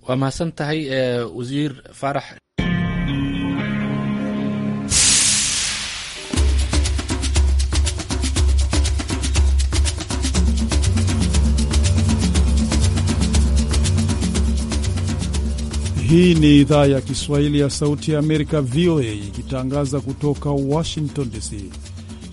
Wa mahadsan tahay Wasiir faarax Hii ni idhaa ya Kiswahili ya Sauti ya Amerika, VOA, ikitangaza kutoka Washington DC.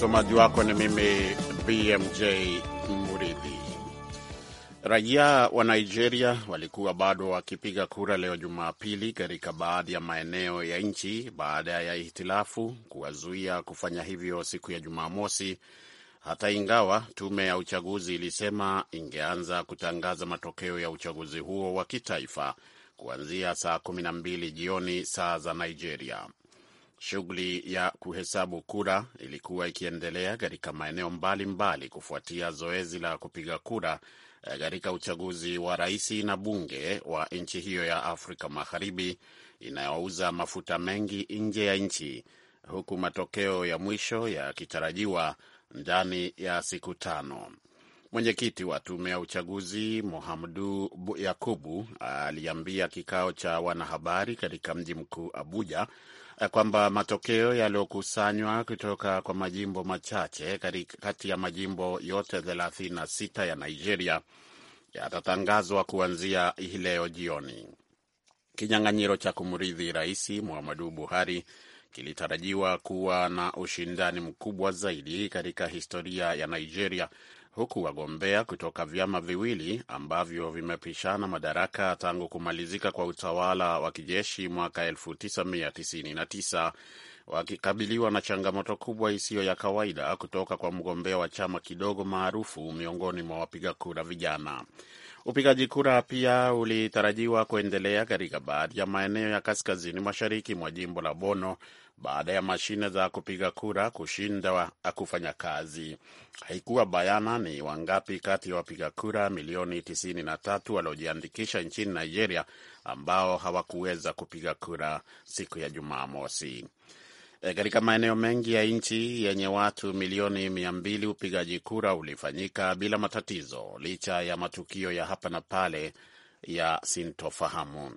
Msomaji wako ni mimi BMJ Muridhi. Raia wa Nigeria walikuwa bado wakipiga kura leo Jumapili katika baadhi ya maeneo ya nchi baada ya ihtilafu kuwazuia kufanya hivyo siku ya Jumamosi, hata ingawa tume ya uchaguzi ilisema ingeanza kutangaza matokeo ya uchaguzi huo wa kitaifa kuanzia saa 12 jioni saa za Nigeria. Shughuli ya kuhesabu kura ilikuwa ikiendelea katika maeneo mbalimbali mbali kufuatia zoezi la kupiga kura eh, katika uchaguzi wa rais na bunge wa nchi hiyo ya Afrika Magharibi inayouza mafuta mengi nje ya nchi, huku matokeo ya mwisho yakitarajiwa ndani ya siku tano. Mwenyekiti wa tume ya uchaguzi Mohamdu Yakubu aliambia kikao cha wanahabari katika mji mkuu Abuja kwamba matokeo yaliyokusanywa kutoka kwa majimbo machache kati ya majimbo yote 36 ya Nigeria yatatangazwa kuanzia hii leo jioni. Kinyang'anyiro cha kumrithi Rais Muhammadu Buhari kilitarajiwa kuwa na ushindani mkubwa zaidi katika historia ya Nigeria huku wagombea kutoka vyama viwili ambavyo vimepishana madaraka tangu kumalizika kwa utawala wa kijeshi mwaka 1999 wakikabiliwa na changamoto kubwa isiyo ya kawaida kutoka kwa mgombea wa chama kidogo maarufu miongoni mwa wapiga kura vijana. Upigaji kura pia ulitarajiwa kuendelea katika baadhi ya maeneo ya kaskazini mashariki mwa jimbo la Bono baada ya mashine za kupiga kura kushindwa kufanya kazi. Haikuwa bayana ni wangapi kati ya wapiga kura milioni 93 waliojiandikisha nchini Nigeria ambao hawakuweza kupiga kura siku ya Jumamosi. E, katika maeneo mengi ya nchi yenye watu milioni mia mbili upigaji kura ulifanyika bila matatizo, licha ya matukio ya hapa na pale ya sintofahamu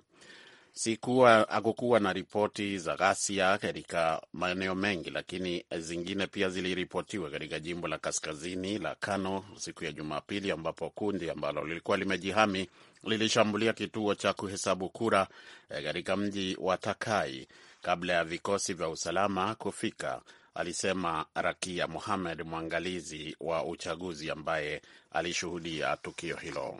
sikuwa hakukuwa na ripoti za ghasia katika maeneo mengi, lakini zingine pia ziliripotiwa katika jimbo la kaskazini la Kano siku ya Jumapili, ambapo kundi ambalo lilikuwa limejihami lilishambulia kituo cha kuhesabu kura eh, katika mji wa Takai kabla ya vikosi vya usalama kufika, alisema Rakia muhamed mwangalizi wa uchaguzi ambaye alishuhudia tukio hilo.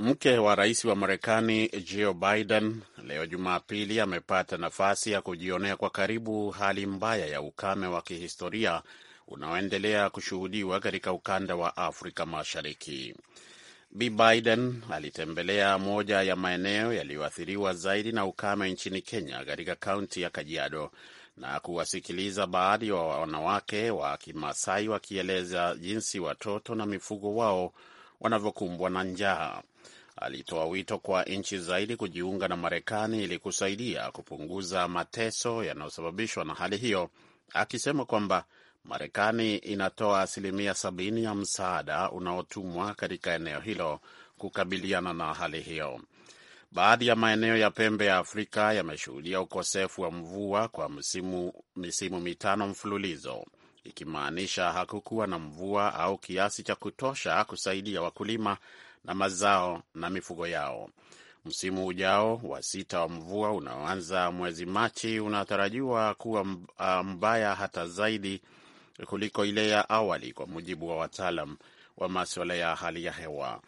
Mke wa rais wa Marekani Joe Biden leo Jumapili amepata nafasi ya kujionea kwa karibu hali mbaya ya ukame wa kihistoria unaoendelea kushuhudiwa katika ukanda wa Afrika Mashariki. Bi Biden alitembelea moja ya maeneo yaliyoathiriwa zaidi na ukame nchini Kenya, katika kaunti ya Kajiado na kuwasikiliza baadhi ya wa wanawake wa Kimasai wakieleza jinsi watoto na mifugo wao wanavyokumbwa na njaa alitoa wito kwa nchi zaidi kujiunga na Marekani ili kusaidia kupunguza mateso yanayosababishwa na hali hiyo, akisema kwamba Marekani inatoa asilimia sabini ya msaada unaotumwa katika eneo hilo kukabiliana na hali hiyo. Baadhi ya maeneo ya pembe ya Afrika yameshuhudia ukosefu wa mvua kwa msimu, misimu mitano mfululizo, ikimaanisha hakukuwa na mvua au kiasi cha kutosha kusaidia wakulima na mazao na mifugo yao. Msimu ujao wa sita wa mvua unaoanza mwezi Machi unatarajiwa kuwa ah, mbaya hata zaidi kuliko ile ya awali, kwa mujibu wa wataalam wa maswala ya hali ya hewa.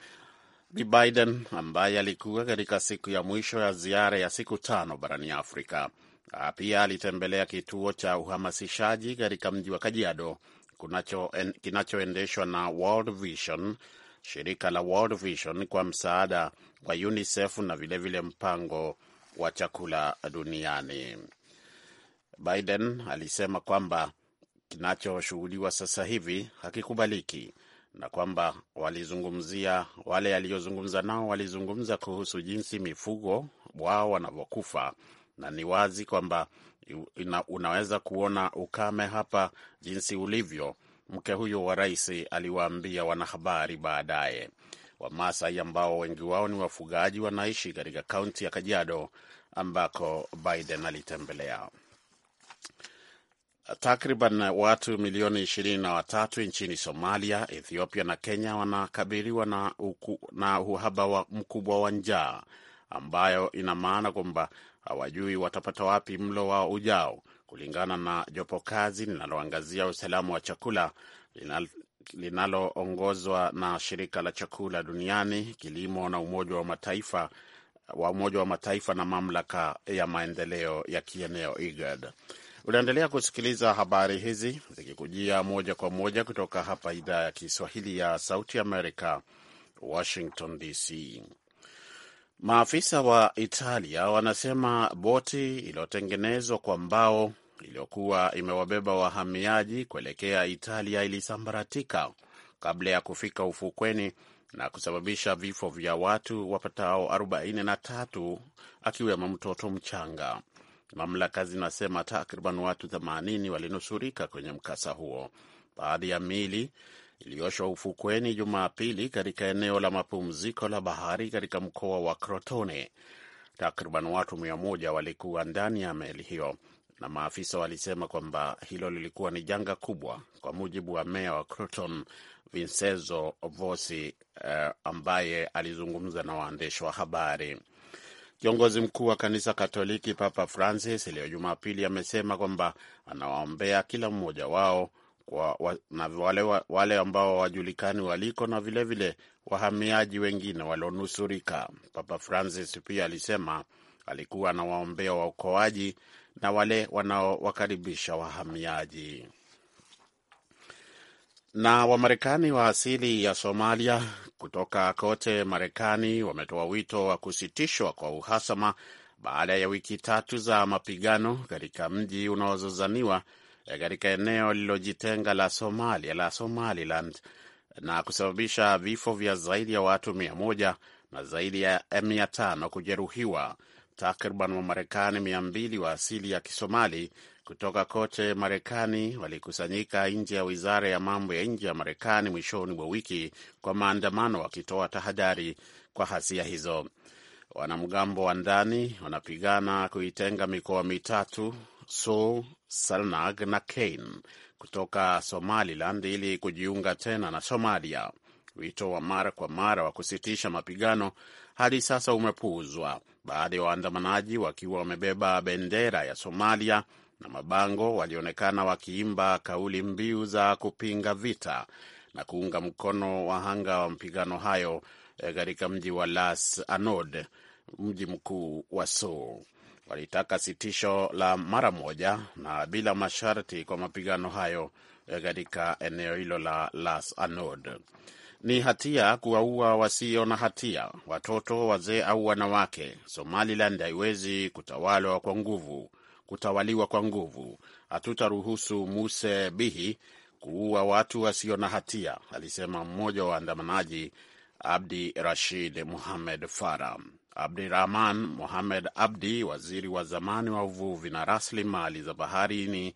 Bi Biden ambaye alikuwa katika siku ya mwisho ya ziara ya siku tano barani Afrika ah, pia alitembelea kituo cha uhamasishaji katika mji wa Kajiado kinachoendeshwa na World Vision shirika la World Vision kwa msaada wa UNICEF na vilevile mpango wa chakula duniani. Biden alisema kwamba kinachoshuhudiwa sasa hivi hakikubaliki na kwamba walizungumzia wale aliyozungumza nao walizungumza kuhusu jinsi mifugo wao wanavyokufa, na ni wazi kwamba una, unaweza kuona ukame hapa jinsi ulivyo mke huyo wa rais aliwaambia wanahabari baadaye. Wamasai ambao wengi wao ni wafugaji wanaishi katika kaunti ya Kajiado ambako Biden alitembelea. Takriban watu milioni ishirini na watatu nchini Somalia, Ethiopia na Kenya wanakabiliwa na, na uhaba wa mkubwa wa njaa ambayo ina maana kwamba hawajui watapata wapi mlo wao ujao kulingana na jopo kazi linaloangazia usalama wa chakula linaloongozwa na shirika la chakula duniani, kilimo na Umoja wa Mataifa wa Umoja wa Mataifa na mamlaka ya maendeleo ya kieneo IGAD. Unaendelea kusikiliza habari hizi zikikujia moja kwa moja kutoka hapa idhaa ya Kiswahili ya Sauti Amerika, Washington DC. Maafisa wa Italia wanasema boti iliyotengenezwa kwa mbao iliyokuwa imewabeba wahamiaji kuelekea Italia ilisambaratika kabla ya kufika ufukweni na kusababisha vifo vya watu wapatao 43 akiwemo mtoto mchanga. Mamlaka zinasema takriban watu 80 walinusurika kwenye mkasa huo. Baadhi ya miili iliyoshwa ufukweni Jumapili katika eneo la mapumziko la bahari katika mkoa wa Crotone. Takriban watu 1 walikuwa ndani ya meli hiyo na maafisa walisema kwamba hilo lilikuwa ni janga kubwa, kwa mujibu wa meya wa Croton Vincenzo Vosi eh, ambaye alizungumza na waandishi wa habari. Kiongozi mkuu wa kanisa Katoliki Papa Francis leo Jumapili amesema kwamba anawaombea kila mmoja wao wa, wa, na wale, wale ambao wajulikani waliko na vilevile vile wahamiaji wengine walionusurika. Papa Francis pia alisema alikuwa anawaombea waokoaji na wale wanaowakaribisha wahamiaji. Na Wamarekani wa asili ya Somalia kutoka kote Marekani wametoa wito wa kusitishwa kwa uhasama baada ya wiki tatu za mapigano katika mji unaozozaniwa eh, katika eneo lililojitenga la Somalia la Somaliland na kusababisha vifo vya zaidi ya watu mia moja na zaidi ya mia tano kujeruhiwa. Takriban Wamarekani mia mbili wa asili ya Kisomali kutoka kote Marekani walikusanyika nje ya wizara ya mambo ya nje ya Marekani mwishoni mwa wiki kwa maandamano, wakitoa tahadhari kwa hasia hizo. Wanamgambo wa ndani wanapigana kuitenga mikoa mitatu Sool, Salnag na Kain kutoka Somaliland ili kujiunga tena na Somalia. Wito wa mara kwa mara wa kusitisha mapigano hadi sasa umepuuzwa, baadhi ya waandamanaji wakiwa wamebeba bendera ya Somalia na mabango walionekana wakiimba kauli mbiu za kupinga vita na kuunga mkono wahanga wa mapigano hayo eh, katika mji wa Las Anod, mji mkuu wa Sou. Walitaka sitisho la mara moja na bila masharti kwa mapigano hayo eh, katika eneo hilo la Las Anod. Ni hatia kuwaua wasio na hatia, watoto, wazee au wanawake. Somaliland haiwezi kutawalwa kwa nguvu, kutawaliwa kwa nguvu. Hatutaruhusu Muse Bihi kuua watu wasio na hatia, alisema mmoja wa waandamanaji, Abdi Rashid Muhamed Farah. Abdirahman Mohamed Abdi, waziri wa zamani wa uvuvi na rasilimali za baharini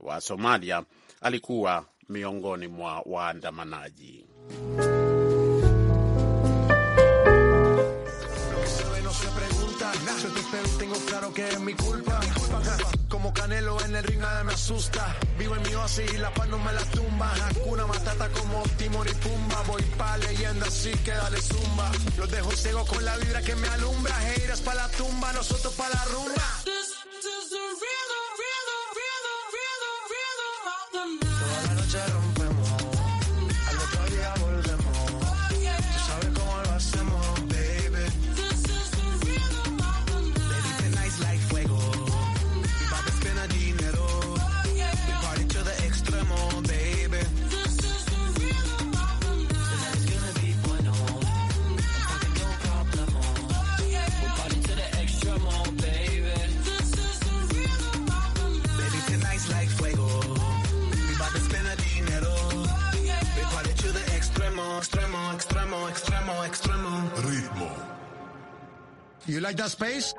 wa Somalia, alikuwa miongoni mwa waandamanaji. tengo claro que es mi culpa. Como Canelo en el ring nada me asusta. Vivo en mi oasis y la paz no me la tumba. Una Matata como Timor y Pumba. Voy pa' leyenda así que dale zumba. Los dejo ciego con la vibra que me alumbra. Heiras pa' la tumba, nosotros pa' la rumba. like that space?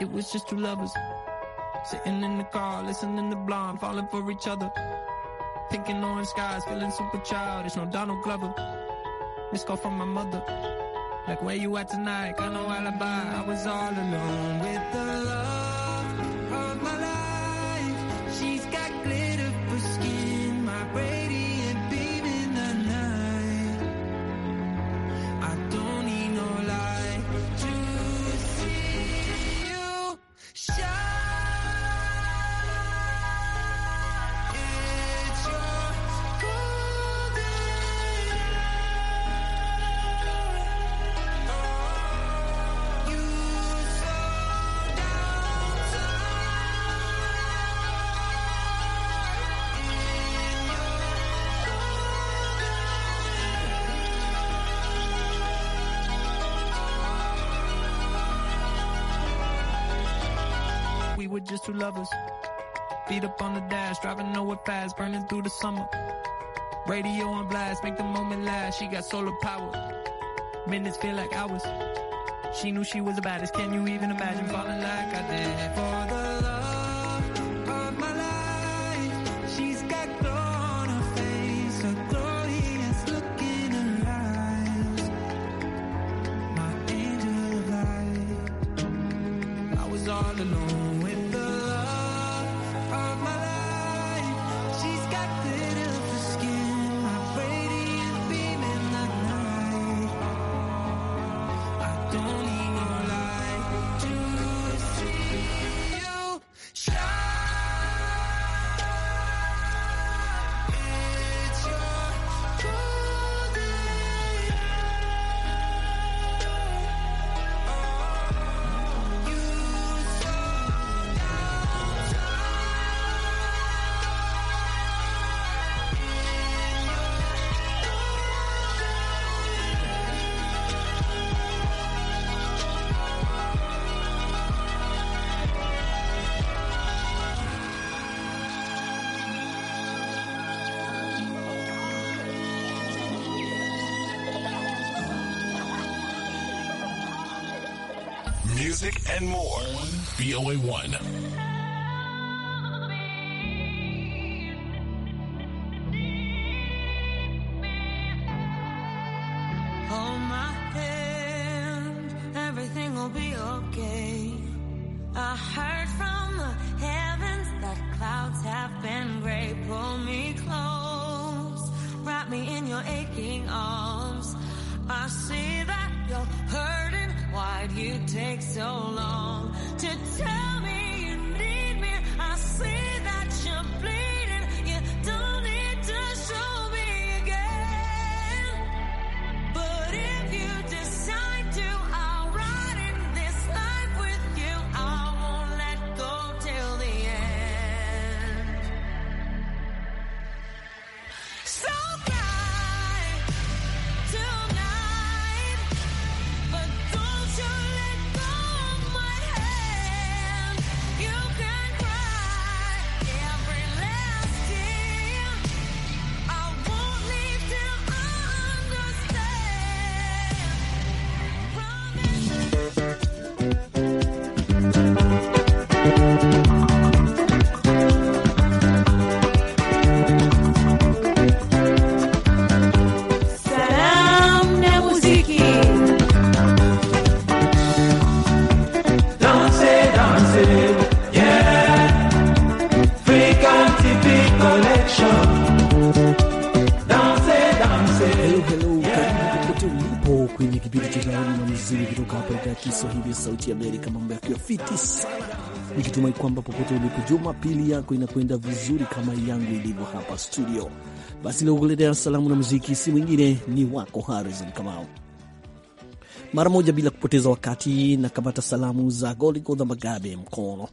It was just two lovers sitting in the car, listening to blonde, falling for each other. Thinking orange skies, feeling super childish. No Donald Glover. This call from my mother like where you at tonight? Got no alibi. I was all alone with the love of my life. She's got glitter for skin, my brain. just two lovers. Feet up on the dash, driving nowhere fast, burning through the summer. Radio on blast, make the moment last. She got solar power. Minutes feel like hours. She knew she was the baddest. Can you even imagine falling like I did for the music, and more. BOA 1. you take so long to tell Sauti Amerika, mambo yakiwa fiti sana, nikitumai kwamba popote ulipo Jumapili yako inakwenda vizuri kama yangu ilivyo hapa studio. Basi nakuletea salamu na muziki, si mwingine ni wako Harrison Kamau. Mara moja bila kupoteza wakati, na kamata salamu za Goligodha Magabe Mkono,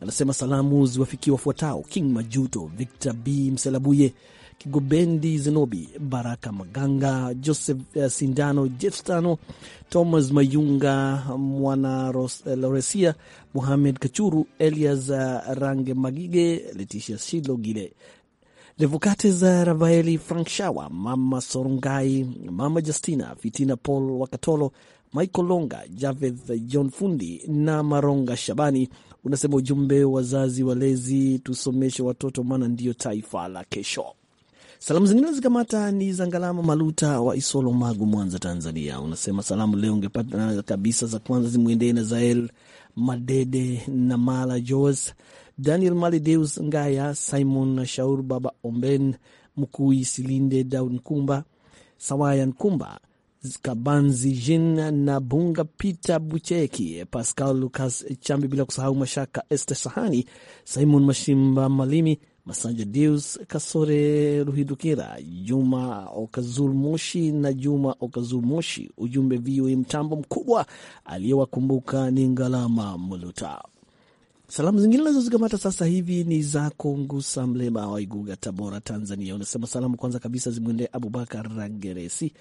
anasema salamu ziwafikie wafuatao: King Majuto, Victor B Mselabuye Kigobendi Zenobi, Baraka Maganga, Joseph eh, Sindano, Jeftano Thomas Mayunga, Mwana eh, Loresia, Muhamed Kachuru, Elias eh, Range Magige, Shilo Gile, Revokate za Rafaeli, Frank Shawa, Mama Sorongai, Mama Justina Fitina, Paul Wakatolo, Michael Longa, Javeth John Fundi na Maronga Shabani. Unasema ujumbe, wazazi walezi, tusomeshe watoto, maana ndiyo taifa la kesho. Salamu zingine zikamata ni za Ngalama Maluta wa Isolo, Magu, Mwanza, Tanzania. Unasema salamu leo ungepata kabisa za kwanza zimwendee na Zael Madede na Mala Jos, Daniel Malideus Ngaya, Simon Shaur, Baba Omben Mkui, Silinde Daud Nkumba, Sawaya Nkumba, Kabanzi Jin na Bunga Peter Bucheki, Pascal Lucas Chambi, bila kusahau Mashaka Este Sahani, Simon Mashimba Malimi Masanja Deus Kasore Ruhidukira, Juma Okazul Moshi na Juma Okazul Moshi. Ujumbe VOA mtambo mkubwa aliyewakumbuka ni Ngalama Muluta. Salamu zingine nazozikamata sasa hivi ni zako Ngusa Mlema wa Iguga, Tabora, Tanzania. Unasema salamu kwanza kabisa zimwende Abubakar Rangeresi,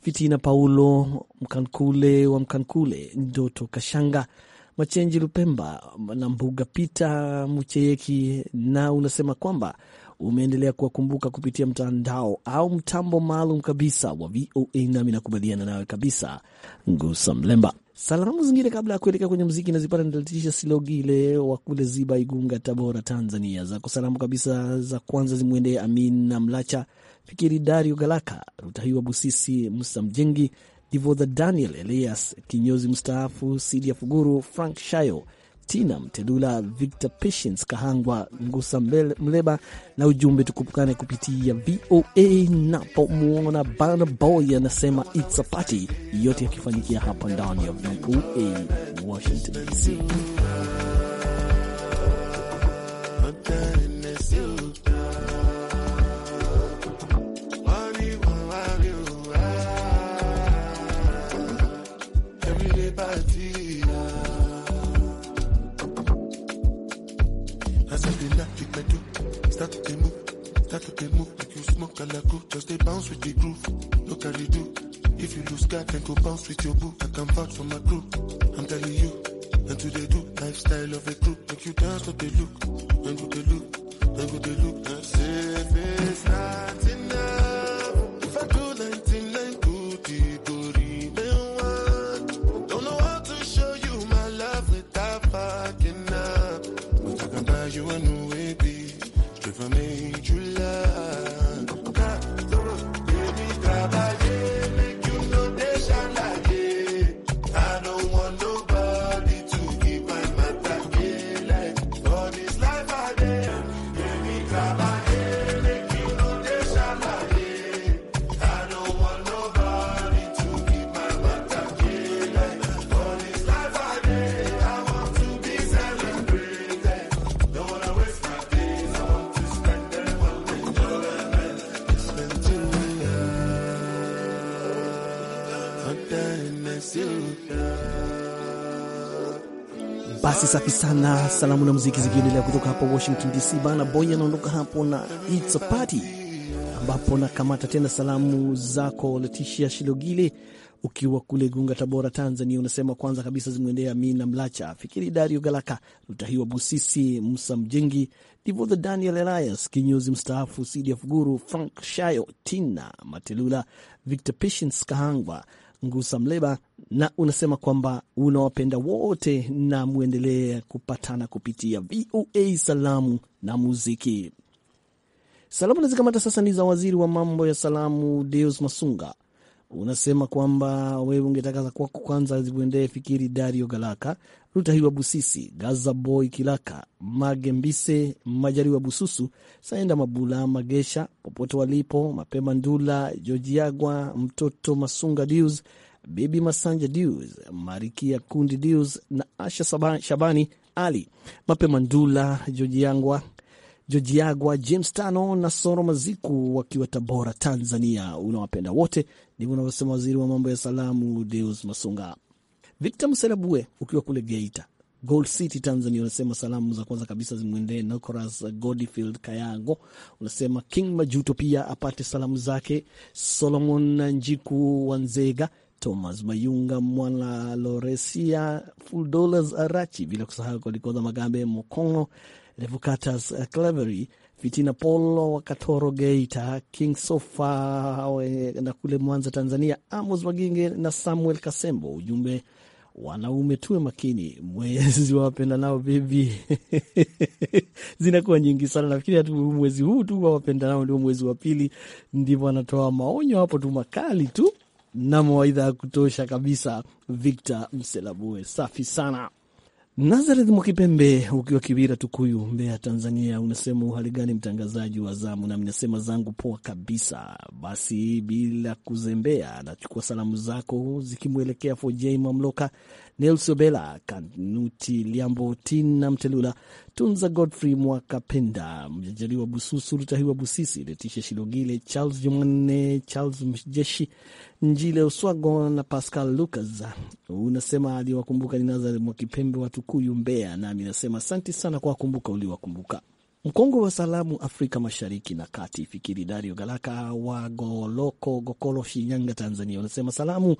Fitina Paulo Mkankule wa Mkankule, Ndoto Kashanga Machenji Lupemba na Mbuga pita Mucheyeki, na unasema kwamba umeendelea kuwakumbuka kupitia mtandao au mtambo maalum kabisa wa VOA, nami nakubaliana nawe kabisa, Ngusa Mlemba. Salamu zingine kabla ya kuelekea kwenye mziki nazipata nitalitisha Silogile wa kule Ziba, Igunga, Tabora, Tanzania. Zako salamu kabisa za kwanza zimwendee Amin na Mlacha Fikiri, Dario Galaka, Rutahiwa Busisi, Musa Mjengi, Ivodha Daniel Elias kinyozi mstaafu, Sidia Fuguru, Frank Shayo, Tina Mtedula, Victor Patience Kahangwa, Ngusa Mleba na ujumbe tukupukane kupitia VOA. Napomwona bana Boy anasema it's a party, yote yakifanyikia hapa ndani ya VOA Washington DC. make a move, like you smoke a la Just they bounce with the groove. Look at you do. If you lose God, then go bounce with your boo. I can vouch for my crew. I'm telling you. And to do, lifestyle of a crew. Make you dance, what they look. And go they look, and go they look. And safe is basi safi sana, salamu na muziki zikiendelea kutoka hapa Washington DC. Bana Boy anaondoka hapo na It's a Party, ambapo nakamata tena salamu zako Leticia Shilogile ukiwa kule Gunga, Tabora, Tanzania. Unasema kwanza kabisa zimwendea Amina Mlacha, Fikiri Dario Galaka, Lutahiwa Busisi, Musa Mjengi, Divodha Daniel Elias kinyozi mstaafu, sidi afuguru Frank Shayo, Tina Matelula, Victor Patience Kahangwa Ngusa Mleba, na unasema kwamba unawapenda wote na mwendelee kupatana kupitia VOA salamu na muziki. Salamu nazikamata sasa ni za waziri wa mambo ya salamu Deus Masunga unasema kwamba wewe ungetakaza kwako kwanza zikuendee fikiri Dario Galaka, Rutahiwa Busisi, Gaza Boy Kilaka, Magembise Majariwa, Bususu Saenda Mabula, Magesha popote walipo, Mapema Ndula, Jojiagwa Mtoto, Masunga Deus, Bibi Masanja Deus, Marikia Kundi Deus na Asha Shabani Ali, Mapema Ndula, Jojiagwa Joji Jojiagwa, James Tano na Soro Maziku wakiwa Tabora, Tanzania. Unawapenda wote, ndivyo unavyosema waziri wa mambo ya salamu Deus Masunga. Victor Mserabue ukiwa kule Geita Gold City Tanzania, unasema salamu za kwanza kabisa zimwendee Nicolas Godfield Kayango. Unasema King Majuto pia apate salamu zake, Solomon Njiku Wanzega, Thomas Mayunga, Mwana Loresia, Fuldolas Arachi, bila kusahau Kolikoza Magambe Mokongo Revocatus uh, Clevery, Fitina Polo wa Katoro Geita, King Sofa na kule Mwanza Tanzania, Amos Maginge na Samuel Kasembo. Ujumbe, wanaume tuwe makini, mwezi wa nao bebi zinakuwa nyingi sana. Nafikiri hatu mwezi huu tu wawapenda nao ndio mwezi wa pili, ndivyo anatoa maonyo hapo tu makali tu na mawaidha ya kutosha kabisa. Victor Mselabue, safi sana. Nazareth Mwakipembe ukiwa Kibira, Tukuyu, Mbeya, Tanzania, unasema uhali gani mtangazaji wa zamu? Nami nasema zangu poa kabisa. Basi bila kuzembea, nachukua salamu zako zikimwelekea Fojei Mamloka, nelsobela Kanuti Liambo, Tina Mtelula, Tunza Godfrey Mwakapenda, Mjajaliwa Bususu, Rutahiwa Busisi, Letisha Shilogile, Charles Jumanne, Charles Mjeshi, Njile uswago na Pascal Lucas. Unasema aliwakumbuka ni Nazareth Mwakipembe, Watukuyu, Mbeya, nami nasema asanti sana kwa wakumbuka uliwakumbuka. Mkongwe wa salamu Afrika Mashariki na Kati, Fikiri Dario Galaka wa Goloko Gokolo, Shinyanga, Tanzania, unasema salamu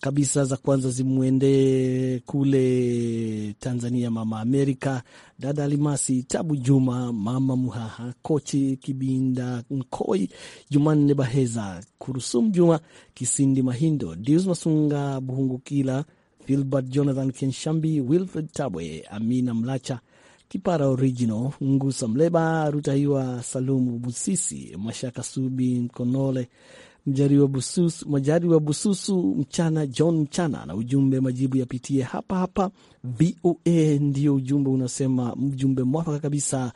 kabisa za kwanza zimwendee kule Tanzania, mama Amerika, dada Alimasi, Tabu Juma, mama Muhaha, Kochi Kibinda, Nkoi Jumanne, Baheza Kurusum, Juma Kisindi, Mahindo, Dius Masunga, Buhungukila, Filbert Jonathan, Kenshambi, Wilfred Tabwe, Amina Mlacha Kipara Original, Ngusa Mleba, Rutahiwa Salumu Busisi, Mashaka Subi Mkonole, Mjariwa Bususu, Majariwa Bususu Mchana, John Mchana na ujumbe, majibu yapitie hapa hapa VOA. Ndio ujumbe unasema, mjumbe mwafaka kabisa.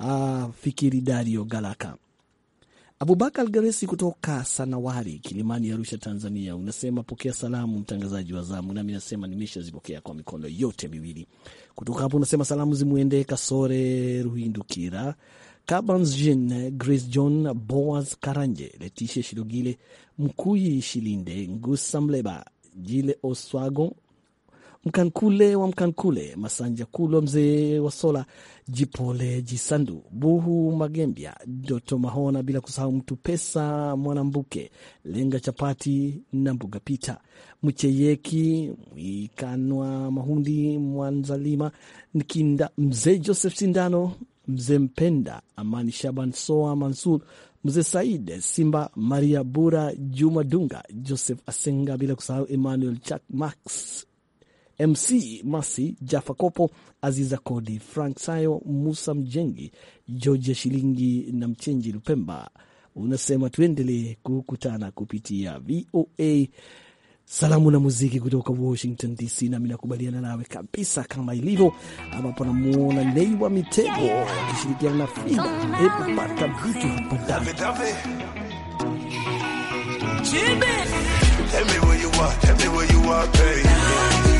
Uh, fikiri Dario Galaka Abubakar Garesi kutoka Sanawari, Kilimani, Arusha, Tanzania, unasema pokea salamu mtangazaji wa zamu, nami nasema nimeshazipokea kwa mikono yote miwili. Kutoka hapo unasema salamu zimwendee Kasore Ruhindukira, Kabans Jean, Grace John, Boaz Karanje, letishe shirogile Mkuyi Shilinde, Ngusa Mleba, Jile Oswago, Mkankule wa Mkankule, Masanja Kulwa, mzee wa Sola, Jipole Jisandu, Buhu Magembya, Doto Mahona, bila kusahau Mtu Pesa Mwanambuke, Lenga Chapati na Mbuga Pita Mcheyeki, Mwikanwa Mahundi, Mwanzalima Nkinda, mzee Joseph Sindano, mzee Mpenda Amani, Shaban Soa Mansur, mzee Said Simba, Maria Bura, Juma Dunga, Joseph Asenga, bila kusahau Emmanuel Chak Max MC Masi, Jafa Kopo, Aziza Kodi, Frank Sayo, Musa Mjengi, Georgia Shilingi na Mchenji Lupemba. Unasema tuendelee kukutana kupitia VOA salamu na muziki kutoka Washington DC, nami nakubaliana nawe kabisa, kama ilivyo ambapo namuona Nei wa Mitego akishirikiana na Fina epupata vitu hapadav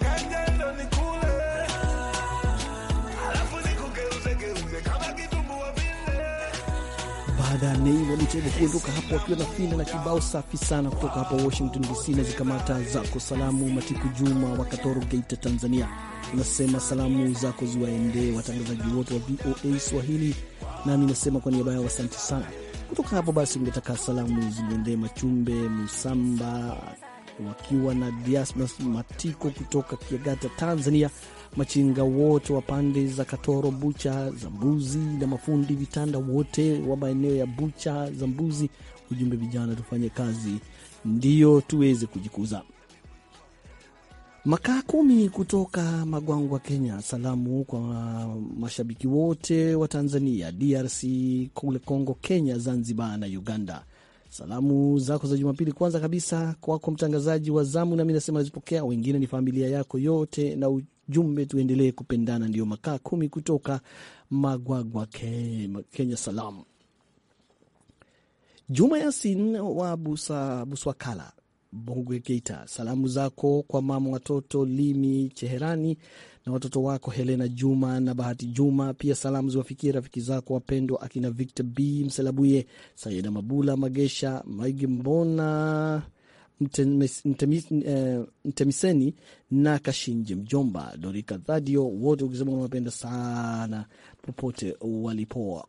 ganja nikule, Baada ya Nei Wanitebo kuondoka hapo wakiwa na fina na kibao safi sana kutoka hapa Washington DC na zikamata zako salamu. Matiku Juma wa Katoro, Geita, Tanzania, unasema salamu zako ziwaendee watangazaji wote wa VOA Swahili, nami nasema kwa niaba yao asante sana. Kutoka hapo basi, ungetaka salamu zimwendee Machumbe Musamba wakiwa na Diasmas Matiko kutoka Kiagata, Tanzania, machinga wote wa pande za Katoro, Bucha za Mbuzi na mafundi vitanda wote wa maeneo ya Bucha za Mbuzi. Ujumbe, vijana tufanye kazi ndiyo tuweze kujikuza. Makaa kumi kutoka Magwangwa, Kenya. Salamu kwa mashabiki wote wa Tanzania, DRC, kule Kongo, Kenya, Zanzibar na Uganda. Salamu zako za Jumapili kwanza kabisa kwako mtangazaji wa zamu, nami nasema nazipokea. Wengine ni familia yako yote, na ujumbe tuendelee kupendana, ndio makaa kumi kutoka Magwagwa, Kenya. Salamu Juma Yasin wa Busa, Buswakala Bongwe, Geita. Salamu zako kwa mama watoto Limi Cheherani na watoto wako Helena Juma na Bahati Juma. Pia salamu ziwafikie rafiki zako wapendwa akina Victor B Mselabuye, Sayeda Mabula Magesha, Maigi Mbona eh, Mtemiseni na Kashinje Mjomba, Dorika Thadio, wote ukisema unawapenda sana popote walipoa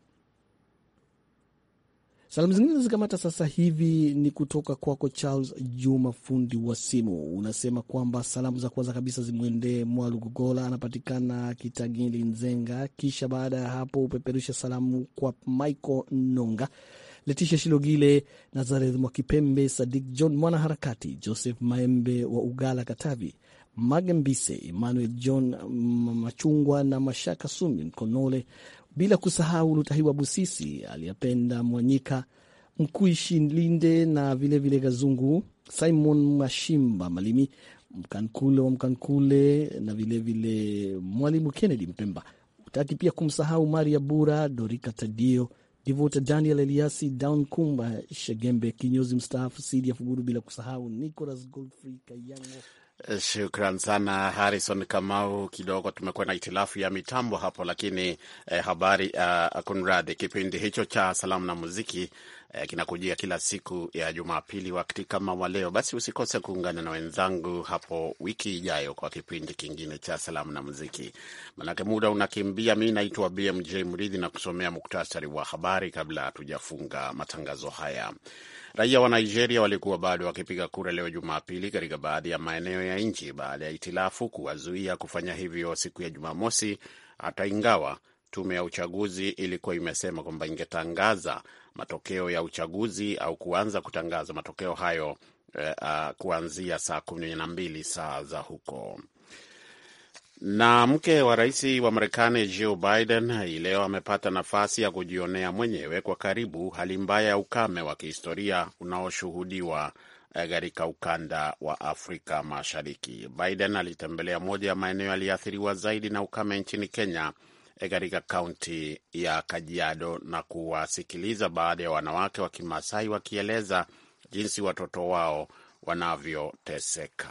Salamu zingine nazikamata sasa hivi ni kutoka kwako Charles Juma, fundi wa simu. Unasema kwamba salamu za kwanza kabisa zimwendee Mwalugogola, anapatikana Kitagili, Nzenga. Kisha baada ya hapo upeperusha salamu kwa Michael Nonga, Letisha Shilogile, Nazareth Mwakipembe, Sadik John mwanaharakati, Joseph Maembe wa Ugala, Katavi, Magembise Emmanuel John Machungwa na Mashaka Sumi Mkonole bila kusahau Lutahiwa Busisi, aliyependa Mwanyika, Mkuishi Linde na vilevile Gazungu, Simon Mashimba Malimi, Mkankule wa Mkankule na vilevile Mwalimu Kennedy Mpemba. Utaki pia kumsahau Maria Bura, Dorika Tadio, Divota Daniel Eliasi, Down Kumba Shegembe, kinyozi mstaafu sidi ya Fuguru, bila kusahau Nicolas Godfrey Kayango. Shukran sana Harrison Kamau. Kidogo tumekuwa na hitilafu ya mitambo hapo, lakini eh, habari uh, ah, kunradhi. Kipindi hicho cha salamu na muziki eh, kinakujia kila siku ya Jumapili wakati kama wa leo. Basi usikose kuungana na wenzangu hapo wiki ijayo kwa kipindi kingine cha salamu na muziki, manake muda unakimbia. Mi naitwa BMJ Mridhi na kusomea muktasari wa habari kabla hatujafunga matangazo haya. Raia wa Nigeria walikuwa bado wakipiga kura leo Jumapili katika baadhi ya maeneo ya nchi baada ya itilafu kuwazuia kufanya hivyo siku ya Jumamosi, hata ingawa tume ya uchaguzi ilikuwa imesema kwamba ingetangaza matokeo ya uchaguzi au kuanza kutangaza matokeo hayo eh, uh, kuanzia saa kumi na mbili saa za huko na mke wa rais wa Marekani Joe Biden hii leo amepata nafasi ya kujionea mwenyewe kwa karibu hali mbaya ya ukame wa kihistoria unaoshuhudiwa eh, katika ukanda wa Afrika Mashariki. Biden alitembelea moja ya maeneo yaliyoathiriwa zaidi na ukame nchini Kenya, eh, katika kaunti ya Kajiado na kuwasikiliza baadhi ya wanawake wa Kimasai wakieleza jinsi watoto wao wanavyoteseka.